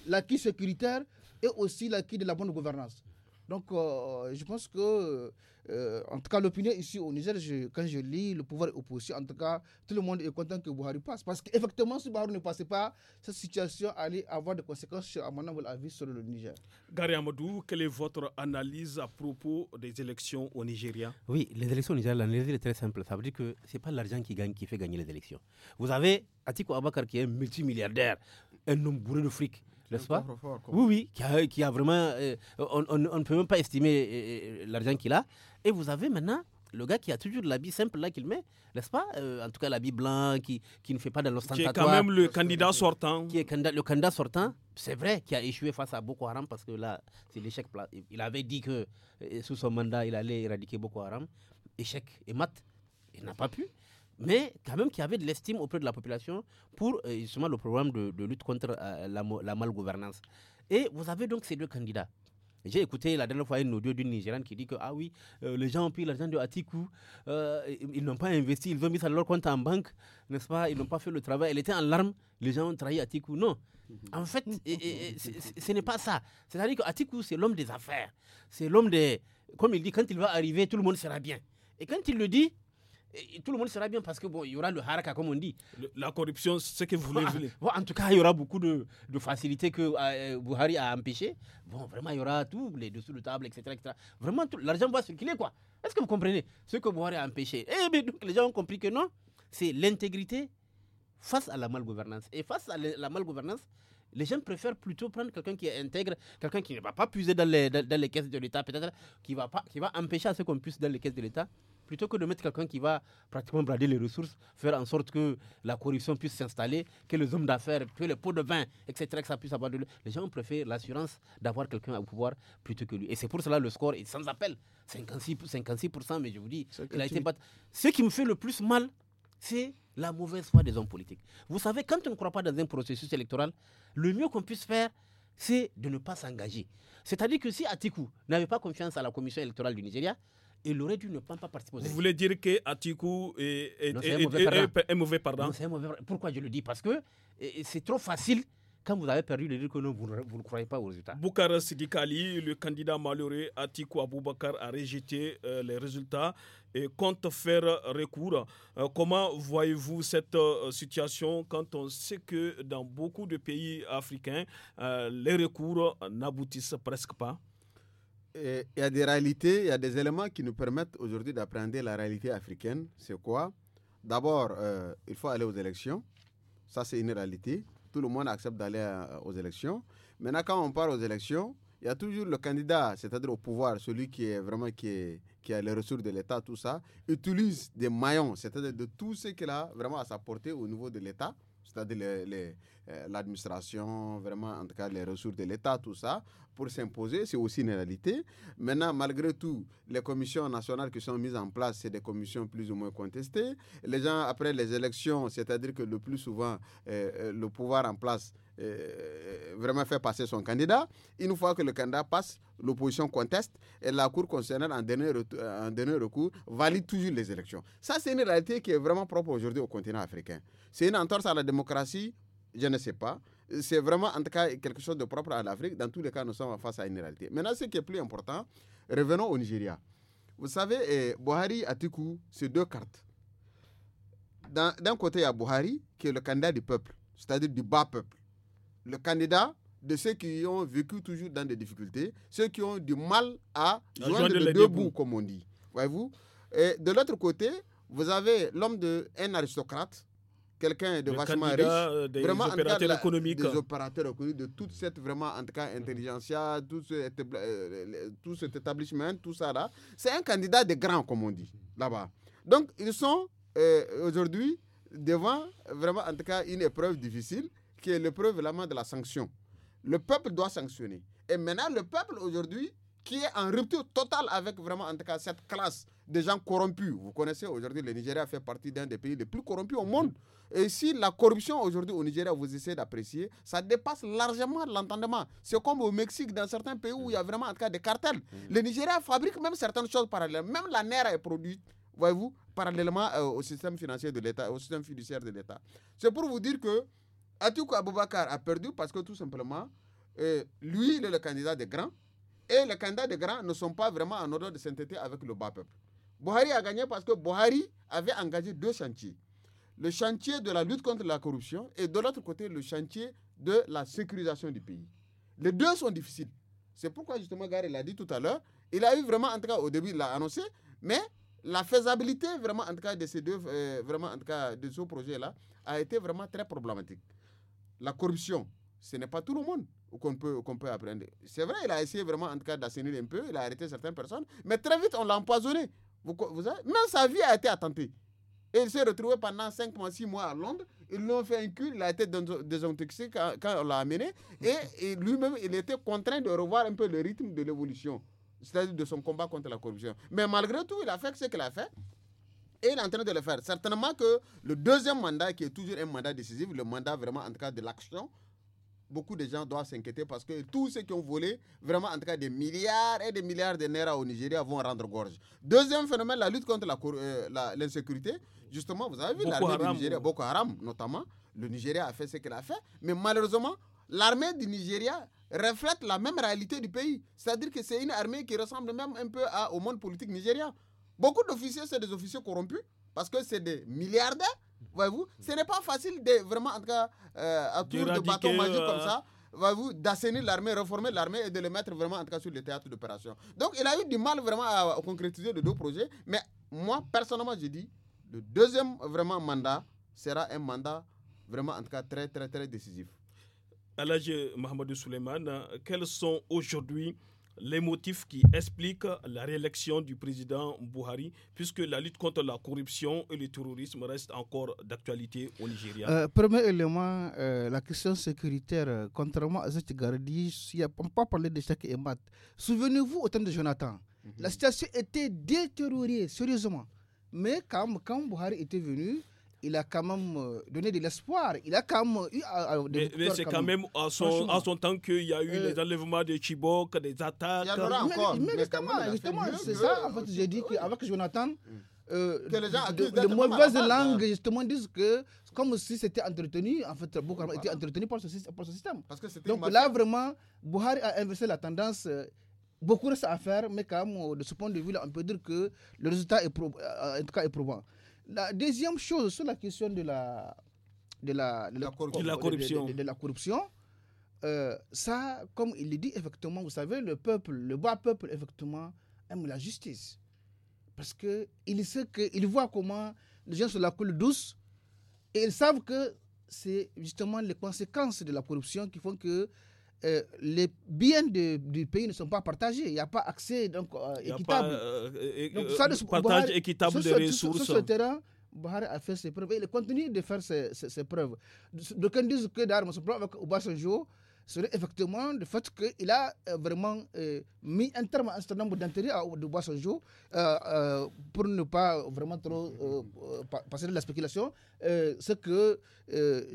l'acquis sécuritaire et aussi l'acquis de la bonne gouvernance. Donc, euh, je pense que, euh, en tout cas, l'opinion ici au Niger, quand je lis le pouvoir opposé, en tout cas, tout le monde est content que Buhari passe. Parce qu'effectivement, si Buhari ne passait pas, cette situation allait avoir des conséquences, à mon avis, sur le Niger. Gary Amadou, quelle est votre analyse à propos des élections au Nigeria Oui, les élections au Nigeria, l'analyse est très simple. Ça veut dire que ce n'est pas l'argent qui gagne qui fait gagner les élections. Vous avez Atiko Abakar qui est multimilliardaire, un homme bourré de fric oui, oui, qui a, vraiment. Euh, on ne peut même pas estimer euh, euh, l'argent qu'il a. Et vous avez maintenant le gars qui a toujours l'habit simple là qu'il met, n'est-ce pas En tout cas, l'habit blanc qui, ne fait pas de l'ostentatoire. Qui est quand même le candidat sortant. Qui est le candidat sortant, c'est vrai, qui a échoué face à Boko Haram parce que là, c'est l'échec. Il avait dit que sous son mandat, il allait éradiquer Boko Haram. Échec et mat. Il n'a pas pu mais quand même qui avait de l'estime auprès de la population pour euh, justement le programme de, lutte contre euh, la, malgouvernance. Et vous avez donc ces deux candidats. J'ai écouté la dernière fois une audio d'une Nigériane qui dit que ah oui, euh, les gens ont pris l'argent de Atiku, ils n'ont pas investi, ils ont mis ça leur compte en banque, n'est-ce pas Ils n'ont pas fait le travail. Elle était en larmes, les gens ont trahi Atiku. Non, mhm. en fait, ce n'est pas ça. C'est-à-dire que Atiku, c'est l'homme des affaires, c'est l'homme des, comme il dit, quand il va arriver, tout le monde sera bien. Et quand il le dit, tout le monde sera bien parce que bon, il y aura le haraka comme on dit. la corruption, ce que vous voulez. Ah, en tout cas, il y aura beaucoup de, facilités que euh, Buhari a empêché. Bon, vraiment, il y aura tout, les dessous de table, etc. etc. Vraiment, l'argent va circuler, quoi. Est-ce que vous comprenez ce que Buhari a empêché Eh les gens ont compris que non, c'est l'intégrité face à la malgouvernance. Et face à la malgouvernance, les gens préfèrent plutôt prendre quelqu'un qui est intègre, quelqu'un qui ne va pas puiser dans les, dans, les caisses de l'État, peut-être, qui va, pas, qui va empêcher à ce qu'on puisse dans les caisses de l'État plutôt que de mettre quelqu'un qui va pratiquement brader les ressources, faire en sorte que la corruption puisse s'installer, que les hommes d'affaires, que les pots de vin, etc., que ça puisse avoir de Les gens préfèrent l'assurance d'avoir quelqu'un au pouvoir plutôt que lui. Et c'est pour cela le score est sans appel. 56, mais je vous dis, il a été battu. Ce qui me fait le plus mal, c'est la mauvaise foi des hommes politiques. Vous savez, quand on ne croit pas dans un processus électoral, le mieux qu'on puisse faire, c'est de ne pas s'engager. C'est-à-dire que si Atiku n'avait pas confiance à la commission électorale du Nigeria, il aurait dû ne pas, participer. Vous voulez dire que Atiku est, un mauvais pardon Pourquoi je le dis Parce que c'est trop facile quand vous avez perdu, de dire que vous, ne, croyez pas aux résultats. Boukara Sidikali, le candidat malheureux Atiku Aboubakar, a rejeté euh, les résultats et compte faire recours. Euh, comment voyez-vous cette euh, situation quand on sait que dans beaucoup de pays africains, les recours n'aboutissent presque pas il y a des réalités, il y a des éléments qui nous permettent aujourd'hui d'appréhender la réalité africaine. C'est quoi D'abord, euh, il faut aller aux élections. Ça, c'est une réalité. Tout le monde accepte d'aller euh, aux élections. Maintenant, quand on part aux élections, il y a toujours le candidat, c'est-à-dire au pouvoir, celui qui est vraiment qui, qui a les ressources de l'État, tout ça, utilise des maillons, c'est-à-dire de tout ce qu'il a vraiment à sa portée au niveau de l'État, c'est-à-dire euh, l'administration, vraiment en tout cas les ressources de l'État, tout ça, pour s'imposer, c'est aussi une réalité. Maintenant, malgré tout, les commissions nationales qui sont mises en place, c'est des commissions plus ou moins contestées. Les gens, après les élections, c'est-à-dire que le plus souvent, euh, euh, le pouvoir en place euh, vraiment fait passer son candidat. Une fois que le candidat passe, l'opposition conteste et la Cour constitutionnelle, en en dernier recours, valide toujours les élections. Ça, c'est une réalité qui est vraiment propre aujourd'hui au continent africain. C'est une entorse à la démocratie, je ne sais pas c'est vraiment, en tout cas, quelque chose de propre à l'Afrique. Dans tous les cas, nous sommes face à une réalité. Maintenant, ce qui est plus important, revenons au Nigeria. Vous savez, eh, Buhari, Atiku, ces deux cartes. D'un côté, il y a Buhari, qui est le candidat du peuple, c'est-à-dire du bas peuple. Le candidat de ceux qui ont vécu toujours dans des difficultés, ceux qui ont du mal à joindre, les deux bouts, comme on dit. Voyez-vous De l'autre côté, vous avez l'homme d'un aristocrate quelqu'un de vachement riche. Euh, des vraiment, opérateurs économiques. Des opérateurs reconnus, de toute cette vraiment, en tout cas, intelligentsia, tout, euh, tout cet établissement, tout ça là. C'est un candidat de grand, comme on dit, là-bas. Donc, ils sont euh, aujourd'hui devant vraiment, en tout cas, une épreuve difficile, qui est l'épreuve vraiment de la sanction. Le peuple doit sanctionner. Et maintenant, le peuple aujourd'hui, qui est en rupture totale avec vraiment, en tout cas, cette classe de gens corrompus. Vous connaissez aujourd'hui, le Nigeria fait partie d'un des pays les plus corrompus au monde. Et si la corruption aujourd'hui au Nigeria, vous essayez d'apprécier, ça dépasse largement l'entendement. C'est comme au Mexique, dans certains pays où il y a mm. vraiment en cas des cartels. Mm. Le Nigeria fabrique même certaines choses parallèles. Même la nerf est produite, voyez-vous, parallèlement euh, au système financier de l'État, au système fiduciaire de l'État. C'est pour vous dire que Atiku Abubakar a perdu parce que tout simplement, euh, lui, il est le candidat des grands. Et les candidats des grands ne sont pas vraiment en ordre de sainteté avec le bas peuple. Bohari a gagné parce que Bohari avait engagé deux chantiers le chantier de la lutte contre la corruption et de l'autre côté le chantier de la sécurisation du pays. Les deux sont difficiles. C'est pourquoi justement Gary l'a dit tout à l'heure. Il a eu vraiment, en tout cas au début, il l'a annoncé, mais la faisabilité vraiment, en tout cas, de ces deux, euh, vraiment, en tout cas, de ce projet-là a été vraiment très problématique. La corruption, ce n'est pas tout le monde qu'on peut, qu'on peut apprendre. C'est vrai, il a essayé vraiment, en tout cas, d'assainir un peu, il a arrêté certaines personnes, mais très vite, on l'a empoisonné. Vous, vous même sa vie a été attentée. Et il s'est retrouvé pendant 5 mois, 6 mois à Londres. Ils l'ont fait un cul, il a été désintoxiqué quand, on l'a amené. Et, et lui-même, il était contraint de revoir un peu le rythme de l'évolution, c'est-à-dire de son combat contre la corruption. Mais malgré tout, il a fait ce qu'il a fait. Et il est en train de le faire. Certainement que le deuxième mandat, qui est toujours un mandat décisif, le mandat vraiment en tout cas de l'action, beaucoup de gens doivent s'inquiéter parce que tous ceux qui ont volé, vraiment en tout cas des milliards et des milliards de naira au Nigeria vont rendre gorge. Deuxième phénomène, la lutte contre euh, l'insécurité. Justement, vous avez vu l'armée du Nigeria, Boko Haram notamment, le Nigeria a fait ce qu'il a fait, mais malheureusement, l'armée du Nigeria reflète la même réalité du pays. C'est-à-dire que c'est une armée qui ressemble même un peu au monde politique nigérien. Beaucoup d'officiers, c'est des officiers corrompus parce que c'est des milliardaires vous ce n'est pas facile de vraiment, en tout cas, euh, à tour de bâton magique comme euh, ça, vous d'assainir l'armée, reformer l'armée et de le mettre vraiment, en tout cas, sur le théâtre d'opération. Donc, il a eu du mal vraiment à, concrétiser les deux projets, mais moi, personnellement, j'ai dit, le deuxième vraiment mandat sera un mandat vraiment, en tout cas, très, très, très décisif. Alors, Mohamedou Souleymane, quels sont aujourd'hui les motifs qui expliquent la réélection du président Buhari, puisque la lutte contre la corruption et le terrorisme reste encore d'actualité au Nigeria. Euh, premier élément, euh, la question sécuritaire, contrairement à cette que il n'y a pas parlé de chaque émat. Souvenez-vous au temps de Jonathan, mhm. la situation était déterrorisée, sérieusement. Mais quand, quand Buhari était venu, il a quand même euh, donné de l'espoir. Il a quand même eu. À, euh, à, euh, mais, c'est quand, même, en son, temps qu'il y a eu les enlèvements de Chibok, des attaques. Il y en aura mais, encore. Mais, justement, justement c'est ça. En fait, j'ai dit qu'avec Jonathan. Mm. que les de, mauvaises ah, ah. langues justement disent que comme si c'était entretenu en fait beaucoup a était entretenu par ce, système Parce que donc là vraiment Bouhari a inversé la tendance beaucoup reste à faire mais quand même de ce point de vue là on peut dire que le résultat est en tout cas est la deuxième chose sur la question de la, de la, de la, corruption, de, la corruption euh, ça, comme il le dit, effectivement, vous savez, le peuple, le bas peuple, effectivement, aime la justice. Parce qu'il sait que, voit comment les gens se la coulent douce et ils savent que c'est justement les conséquences de la corruption qui font que euh, les biens du pays ne sont pas partagés. Il n'y a pas accès équitable. Pas, donc, ça, partage équitable sur, ressources. Sur, ce terrain, Bahar a fait ses preuves. Et il continue de faire ses, ses, ses preuves. D'aucuns disent que d'ailleurs, son plan avec Obasanjo serait effectivement le fait qu'il a euh, vraiment euh, mis un terme à un certain nombre d'intérêts de Obasanjo pour ne pas vraiment trop passer de la spéculation. ce que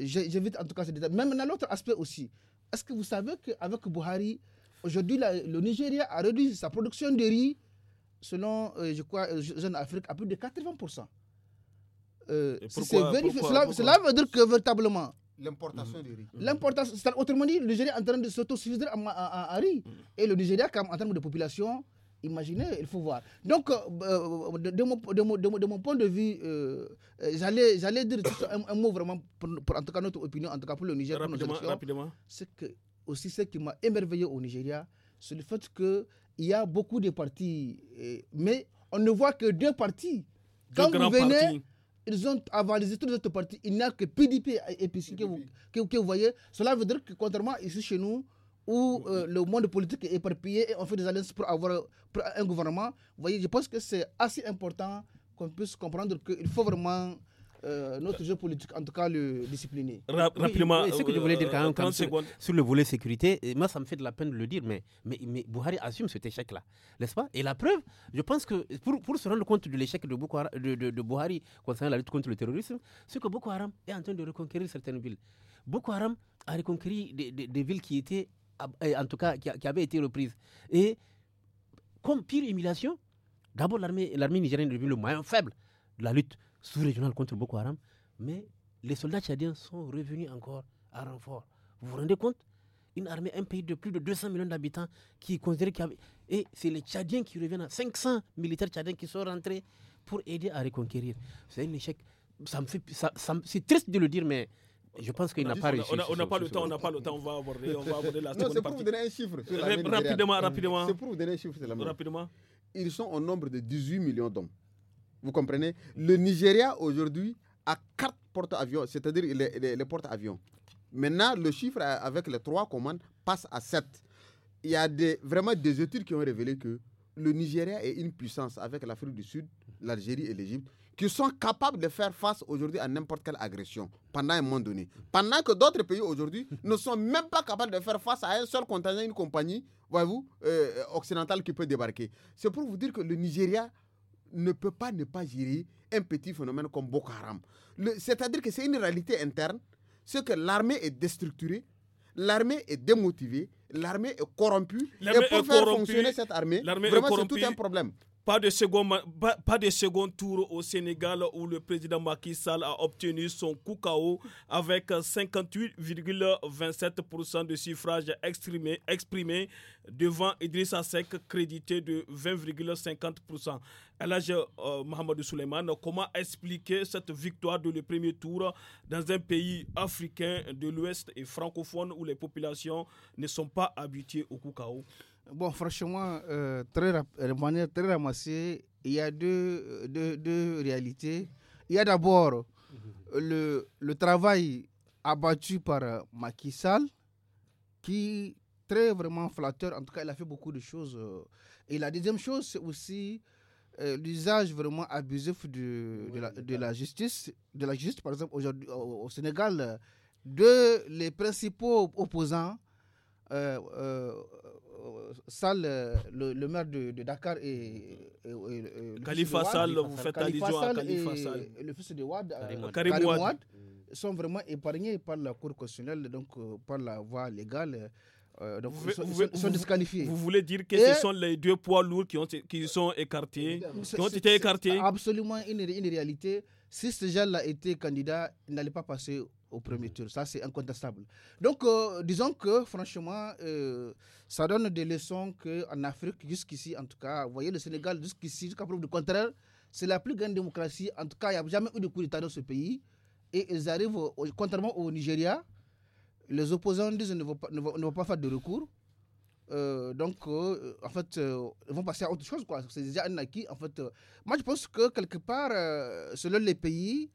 j'évite en tout cas, c'est même dans l'autre aspect aussi. Est-ce que vous savez qu'avec Buhari, aujourd'hui, le Nigeria a réduit sa production de riz, selon, euh, je crois, euh, Jeune Afrique, à plus de 80%. Euh, cela, veut dire que véritablement. L'importation de riz. Mhm. L'importation, autrement dit, le Nigeria est en train de s'autosuffire en, riz. Mhm. Et le Nigeria, en termes de population, Imaginez, il faut voir. Donc, euh, euh, de, mon, point de vue, euh, j'allais, j'allais dire un, mot vraiment, pour, en tout cas notre opinion, en tout cas pour le Niger, rapidement, pour rapidement. C'est que, aussi ce qui m'a émerveillé au Nigeria, c'est le fait qu'il y a beaucoup de partis, mais on ne voit que deux partis. Quand vous venez, ils ont avalisé tous les autres partis. Il n'y a que PDP et PC que vous voyez. Cela veut dire que, contrairement ici chez nous, où euh, le monde politique est éparpillé et on fait des alliances pour avoir un gouvernement. Vous voyez, je pense que c'est assez important qu'on puisse comprendre qu'il faut vraiment euh, notre jeu politique, en tout cas le discipliner. rapidement, ce que je voulais dire quand même, euh, sur, le volet sécurité, et moi ça me fait de la peine de le dire, mais, mais, Buhari assume cet échec-là, n'est-ce pas Et la preuve, je pense que pour, pour se rendre compte de l'échec de, de, de, Buhari concernant la lutte contre le terrorisme, c'est que Boko Haram est en train de reconquérir certaines villes. Boko Haram a reconquéri des, des villes qui étaient eh, en tout cas, qui, avait été reprise. Et comme pire humiliation, d'abord l'armée nigérienne est le moyen faible de la lutte sous-régionale contre Boko Haram, mais les soldats tchadiens sont revenus encore à renfort. Vous vous rendez compte Une armée, un pays de plus de 200 millions d'habitants qui est considéré qu'il avait... Et c'est les Tchadiens qui reviennent, 500 militaires tchadiens qui sont rentrés pour aider à reconquérir. C'est un échec. Ça me fait, ça, c'est triste de le dire, mais je pense qu'il n'a pas réussi. On n'a pas le temps, on n'a pas le temps, on va aborder, on va aborder la seconde non, c'est pour vous donner un chiffre. Rapidement, mm. rapidement. C'est pour vous donner un chiffre, c'est la même. Rapidement. Ils sont au nombre de 18 millions d'hommes. Vous comprenez Le Nigeria, aujourd'hui, a 4 porte-avions, c'est-à-dire les, les, porte-avions. Maintenant, le chiffre euh, avec les 3 commandes passe à 7. Il y a des, vraiment des études qui ont révélé que le Nigeria est une puissance avec l'Afrique du Sud, l'Algérie et l'Égypte qui sont capables de faire face aujourd'hui à n'importe quelle agression pendant un moment donné. Pendant que d'autres pays aujourd'hui ne sont même pas capables de faire face à un seul contingent, une compagnie, voyez-vous, euh, occidentale qui peut débarquer. C'est pour vous dire que le Nigeria ne peut pas ne pas gérer un petit phénomène comme Boko Haram. C'est-à-dire que c'est une réalité interne, c'est que l'armée est déstructurée, l'armée est démotivée, l'armée est corrompue. Et pour faire fonctionner cette armée, vraiment c'est tout un problème. Pas de, second, tour au Sénégal où le président Macky Sall a obtenu son coup KO avec 58,27% de suffrages exprimés, devant Idrissa Seck crédité de 20,50%. Elage euh, Mohamed Souleymane, comment expliquer cette victoire de le premier tour dans un pays africain de l'Ouest et francophone où les populations ne sont pas habituées au coup KO Bon, franchement, euh, très euh, de manière très ramassée, il y a deux, euh, deux, deux réalités. Il y a d'abord le, le, travail abattu par Macky Sall, qui très vraiment flatteur. En tout cas, il a fait beaucoup de choses. Et la deuxième chose, c'est aussi l'usage vraiment abusif de, de, la, justice. De la justice, par exemple, aujourd'hui au, Sénégal, deux les principaux opposants euh, euh, Sall, euh, le, maire de, Dakar et, vous faites allusion à Khalifa Le fils de Wad, euh, Karim, mm. sont vraiment épargnés par la Cour constitutionnelle, donc par la voie légale. donc vous, sont, disqualifiés. Vous voulez dire que ce sont les deux poids lourds qui, ont, qui sont écartés, ont été écartés Absolument une, une réalité. Si ce gars là était candidat, il n'allait pas passer au premier tour. Ça, c'est incontestable. Donc, euh, disons que, franchement, euh, ça donne des leçons qu'en Afrique, jusqu'ici, en tout cas, vous voyez, le Sénégal, jusqu'ici, jusqu'à preuve du contraire, c'est la plus grande démocratie. En tout cas, il n'y a jamais eu de coup d'État dans ce pays. Et ils arrivent, contrairement au Nigeria, les opposants disent ne pas, ne vont, pas faire de recours. Euh, donc, en fait, ils vont passer à autre chose. C'est déjà un acquis. En fait, moi, je pense que quelque part, selon les pays,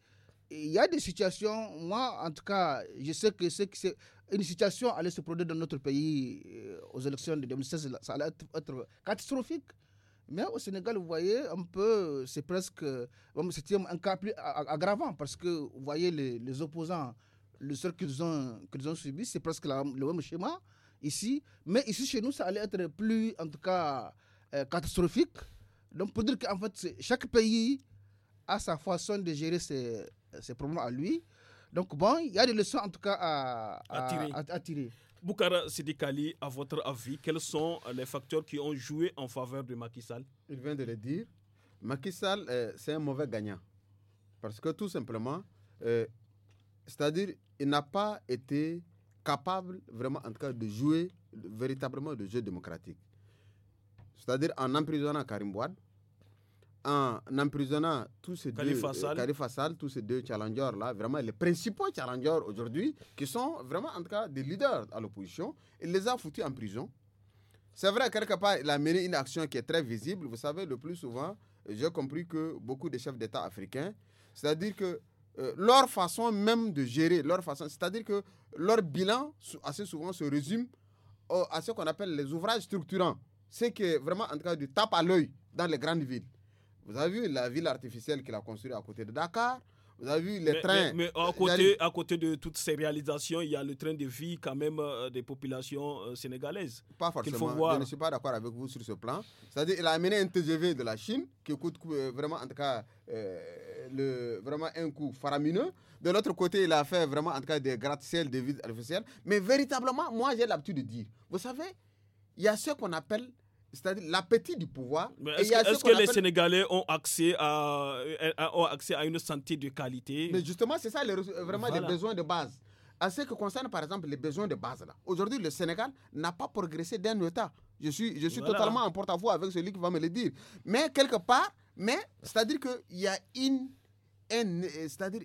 il y a des situations, moi en tout cas, je sais que c'est une situation allait se produire dans notre pays euh, aux élections de 2016, ça allait être, catastrophique. Mais au Sénégal, vous voyez, un peu, c'est presque. C'était un cas plus aggravant parce que vous voyez les, opposants, le seul qu'ils ont, ont subi, c'est presque le même schéma ici. Mais ici, chez nous, ça allait être plus, en tout cas, euh, catastrophique. Donc, pour dire qu'en fait, chaque pays a sa façon de gérer ses, c'est probablement à lui. Donc bon, il y a des leçons en tout cas à, tirer. À, Boukara Sidikali, à votre avis, quels sont les facteurs qui ont joué en faveur de Macky Sall Il vient de le dire. Macky Sall, euh, c'est un mauvais gagnant. Parce que tout simplement, euh, c'est-à-dire, il n'a pas été capable vraiment, en tout cas, de jouer véritablement le jeu démocratique. C'est-à-dire, en emprisonnant Karim Bouad, en emprisonnant tous ces deux euh, tous ces deux challengers là, vraiment les principaux challengers aujourd'hui, qui sont vraiment en tout cas des leaders à l'opposition, il les a foutus en prison. C'est vrai, quelque part, il a mené une action qui est très visible. Vous savez, le plus souvent, euh, j'ai compris que beaucoup de chefs d'État africains, c'est-à-dire que euh, leur façon même de gérer, leur façon, c'est-à-dire que leur bilan assez souvent se résume à ce qu'on appelle les ouvrages structurants. C'est que vraiment, en tout cas, du tape à l'œil dans les grandes villes. Vous avez vu la ville artificielle qu'il a construite à côté de Dakar. Vous avez vu les trains. Mais, à, côté, de toutes ces réalisations, il y a le train de vie quand même euh, des populations euh, sénégalaises. Pas forcément. Je ne suis pas d'accord avec vous sur ce plan. C'est-à-dire qu'il a amené un TGV de la Chine qui coûte euh, vraiment, en tout cas, le, vraiment un coût faramineux. De l'autre côté, il a fait vraiment, en tout cas, des gratte-ciel, des villes artificielles. Mais véritablement, moi, j'ai l'habitude de dire, vous savez, il y a ce qu'on appelle c'est-à-dire l'appétit du pouvoir. Est-ce que, les Sénégalais ont accès, à, euh, euh, accès à une santé de qualité Mais justement, c'est ça les, euh, vraiment les besoins de base. À ce que concerne par exemple les besoins de base, là. aujourd'hui le Sénégal n'a pas progressé d'un état. Je suis, je suis totalement en porte à voix avec celui qui va me le dire. Mais quelque part, mais c'est-à-dire qu'il y a une, un, c'est-à-dire,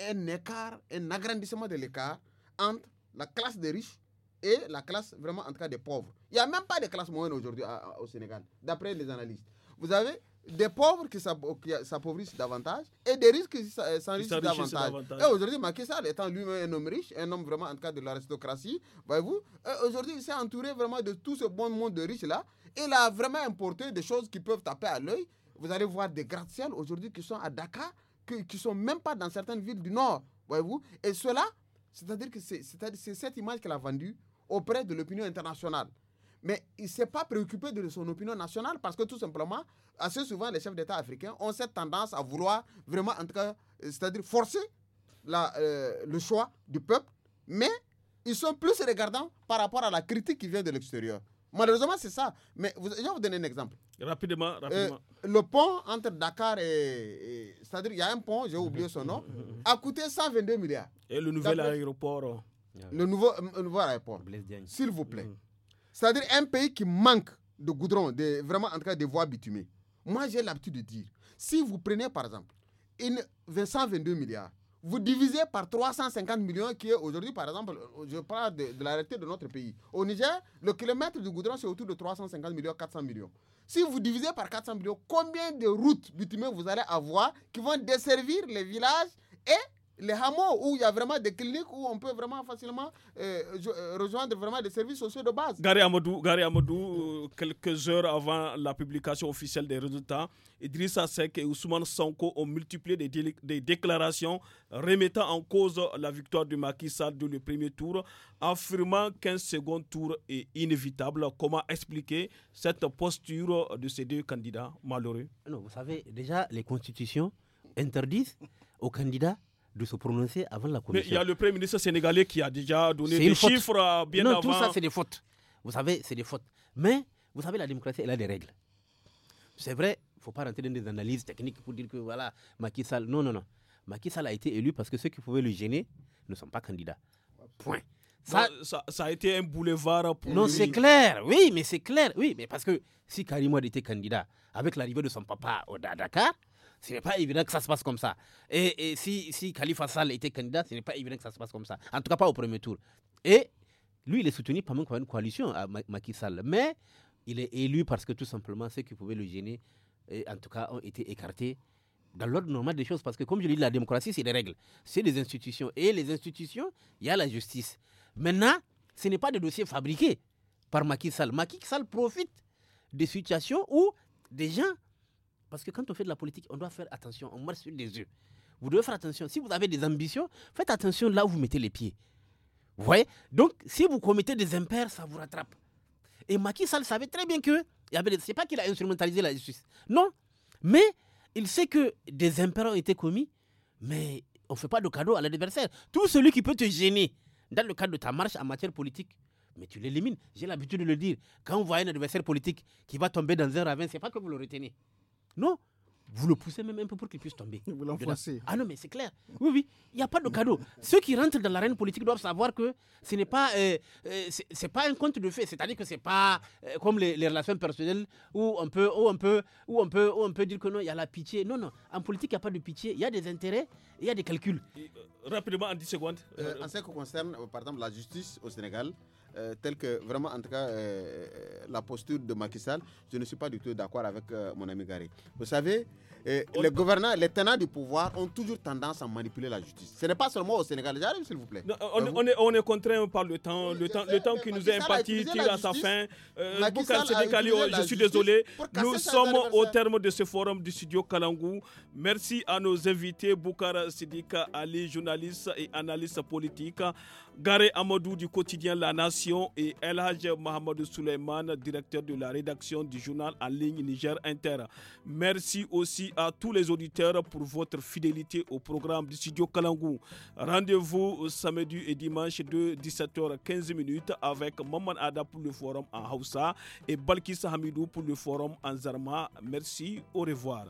un écart, un agrandissement de l'écart entre la classe des riches et la classe vraiment en tout cas des pauvres. Il n'y a même pas de classe moyenne aujourd'hui au Sénégal, d'après les analystes. Vous avez des pauvres qui s'appauvrissent davantage et des risques euh, qui s'enrichissent davantage. Et aujourd'hui, Macky étant lui-même un homme riche, un homme vraiment en tout cas de l'aristocratie, voyez-vous, euh, aujourd'hui il s'est entouré vraiment de tout ce bon monde de riches-là. Il a vraiment importé des choses qui peuvent taper à l'œil. Vous allez voir des gratte-ciel aujourd'hui qui sont à Dakar, qui ne sont même pas dans certaines villes du Nord, voyez-vous. Et cela, c'est-à-dire que c'est cette image qu'elle a vendue auprès de l'opinion internationale. Mais il ne s'est pas préoccupé de son opinion nationale parce que tout simplement, assez souvent, les chefs d'État africains ont cette tendance à vouloir vraiment, en tout cas, euh, c'est-à-dire forcer la, euh, le choix du peuple, mais ils sont plus regardants par rapport à la critique qui vient de l'extérieur. Malheureusement, c'est ça. Mais vous, je vais vous donner un exemple. Rapidement, euh, rapidement. le pont entre Dakar et. et C'est-à-dire, il y a un pont, j'ai oublié son nom, a coûté 122 milliards. Et le nouvel aéroport. Le nouveau, euh, euh, nouveau aéroport. S'il vous plaît. Mm-hmm. C'est-à-dire un pays qui manque de goudron, de, vraiment en tout cas des voies bitumées. Moi, j'ai l'habitude de dire, si vous prenez par exemple une 122 milliards, vous divisez par 350 millions qui est aujourd'hui, par exemple, euh, je parle de, de réalité de notre pays. Au Niger, le kilomètre de goudron, c'est autour de 350 millions, 400 millions. Si vous divisez par 400 millions, combien de routes bitumées vous allez avoir qui vont desservir les villages et les hameaux où il y a vraiment des cliniques où on peut vraiment facilement euh, euh, rejoindre vraiment des services sociaux de base. Gary Amadou, euh, quelques heures avant la publication officielle des résultats, Idrissa Seck et Ousmane Sanko ont multiplié des, déclarations remettant en cause la victoire du Macky Sall dans le premier tour, affirmant qu'un second tour est inévitable. Comment expliquer cette posture de ces deux candidats malheureux Vous savez, déjà, les constitutions interdisent aux candidats de se prononcer avant la commission. Mais il y a le Premier ministre sénégalais qui a déjà donné des chiffres euh, bien avant. Non, tout ça, c'est des fautes. Vous savez, c'est des fautes. Mais, vous savez, la démocratie, elle a des règles. C'est vrai, il ne faut pas rentrer dans des analyses techniques pour dire que, voilà, Macky Sall... Non, non, non. Macky Sall a été élu parce que ceux qui pouvaient le gêner ne sont pas candidats. Point. Bah, ça, ça, a été un boulevard pour Non, c'est clair, oui, mais c'est clair. Oui, mais parce que si Karim Ouad était candidat avec l'arrivée de son papa au Dakar, ce n'est pas évident que ça se passe comme ça. Et, et si, si Khalifa Sall était candidat, ce n'est pas évident que ça se passe comme ça. En tout cas, pas au premier tour. Et lui, il est soutenu par une coalition à euh, Macky Sall. Mais il est élu parce que tout simplement, ceux qui pouvaient le gêner, en tout cas, ont été écartés dans l'ordre normal des choses. Parce que, comme je l'ai dit, la démocratie, c'est des règles, c'est des institutions. Et les institutions, il y a la justice. Maintenant, ce n'est pas des dossiers fabriqués par Macky Sall. Macky Sall profite des situations où des gens parce que quand on fait de la politique, on doit faire attention, on marche sur les yeux. Vous devez faire attention. Si vous avez des ambitions, faites attention là où vous mettez les pieds. Vous voyez Donc, si vous commettez des impairs, ça vous rattrape. Et Macky Sall savait très bien que. Ce n'est pas qu'il a instrumentalisé la justice. Non. Mais il sait que des impairs ont été commis, mais on ne fait pas de cadeau à l'adversaire. Tout celui qui peut te gêner dans le cadre de ta marche en matière politique, mais tu l'élimines. J'ai l'habitude de le dire. Quand on voit un adversaire politique qui va tomber dans un ravin, c'est pas que vous le retenez. Non, vous le poussez même un peu pour qu'il puisse tomber. Vous l'enfoncez. Ah non, mais c'est clair. Oui, oui, il n'y a pas de cadeau. Ceux qui rentrent dans l'arène politique doivent savoir que ce n'est pas, euh, euh, pas un compte de fait. C'est-à-dire que ce n'est pas euh, comme les, relations personnelles où on, peut, on peut, on peut dire que non, il y a la pitié. Non, non, en politique, il n'y a pas de pitié. Il y a des intérêts, il y a des calculs. rapidement, en 10 secondes. en ce qui concerne, par exemple, la justice au Sénégal, euh, tel que vraiment, en tout cas, euh, euh, la posture de Macky Sall, je ne suis pas du tout d'accord avec mon ami Gary. Vous savez, les gouvernants, les tenants du pouvoir ont toujours tendance à manipuler la justice. Ce n'est pas seulement au Sénégal. J'arrive, s'il vous plaît. on, est, on contraint par le temps. le temps, le temps qui nous est imparti tire à sa fin. Boukal Sénégal, je suis désolé. Nous sommes au terme de ce forum du studio Kalangou. Merci à nos invités, Boukara Sidika Ali, journaliste et analyste politique. Garé Amadou du quotidien La Nation et El Hajj Mohamed Souleyman, directeur de la rédaction du journal en ligne Niger Inter. Merci aussi à tous les auditeurs pour votre fidélité au programme du studio Kalangou. Rendez-vous samedi et dimanche de 17h15 avec Maman Ada pour le forum en Hausa et Balkis Hamidou pour le forum en Zarma. Merci, au revoir.